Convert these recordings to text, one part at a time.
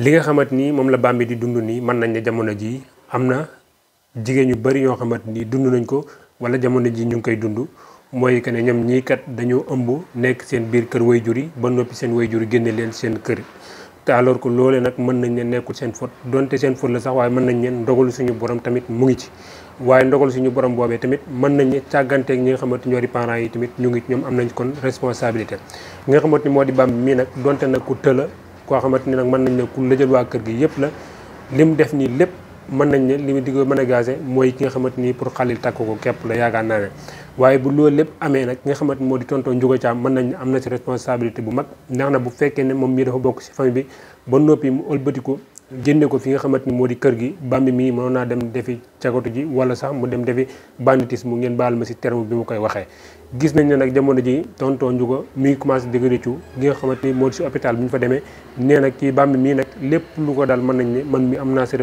li nga xamante nii moom la Bambey di dund nii mën nañ ne jamono jii am na jigéen ñu bari yoo xamante nii dund nañ ko wala jamono ji ñu ngi koy dund mooy que ne ñoom ñii kat dañoo nekk seen biir kër wayjur yi ba noppi seen wayjur yi génne leen seen kër te alors que nag mën nañ leen nekkul seen faute donte seen faute la sax waaye mën nañ leen ndogalu suñu borom tamit mu ngi ci waaye ndogal suñu borom boobee tamit mën nañ ne càgganteeg ñi nga xamante ñoo di parents yi tamit ñu ngi ci ñoom am nañ kon responsabilité nga xamante ni moo di Bambey mii nag donte nag ku tëla koo xamante ni nag mën nañ ne ku lëjal waa kër gi yëpp la lim def nii lépp mën nañ ne li mu di ko mën a gaase mooy ki nga xamante ni pour xalil takk ko képp la yaakaar naa ne waaye bu loolu lépp amee nag ki nga xamante moo di tonton Ndiouga Thiam mën nañ am na ci responsabilité bu mag ndax na bu fekkee ne moom mii dafa bokk ci famille bi ba noppi mu ëlbatiko jënde ko fi nga xamante ni moo di kër gi bambi mii moo naa dem defi cagatu ji wala sax mu dem defi banditisme mu ngeen baal ma si terme bi mu koy waxee gis nañ ne nag jamono ji tonton Ndiouga mi ngi commencé di rëccu nga xamante ni moo di si ñu fa demee nee kii bambi mii nag lépp lu ko daal mën nañ ne man mi am naa si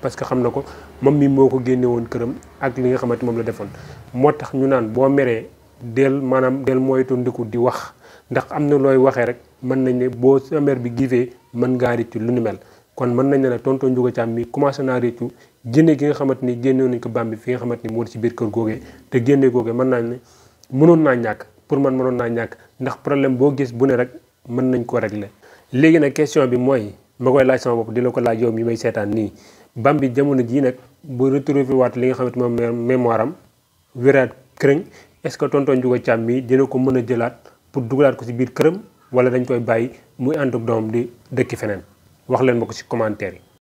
parce que xam na ko moom mi moo ko génne woon këram ak li nga xamante moom la defoon moo tax ñu naan boo meree del maanaam del moytu ndiku di wax ndax am na looy waxee rek mën nañ ne boo sa mer bi gifee mën ngaa rëccu lu nu mel kon mën nañ ne nag tonton Ndiouga Thiam mii commencé naa réccu génne ki nga xamante ni génnewoon nañ ko Bambi fi nga xamante ni moo di ci biir kër googee te génne googee mën naa ne mënoon naa ñàkk pour man mënoon naa ñàkk ndax problème boo gis bu ne rek mën nañ ko régler léegi nag question bi mooy ma koy laaj sama bopp di la ko laaj yow mi may seetaan nii bi jamono jii nag bu retrouvé waat li nga xamante moom mémoire am wéraat këriñ est-ce que tonton Ndiouga Thiam mi dina ko mën a jëlaat pour dugalaat ko biir këram wala dañ koy bàyyi muy ànd ak doom di dëkki feneen wax leen ma ko ci commentaire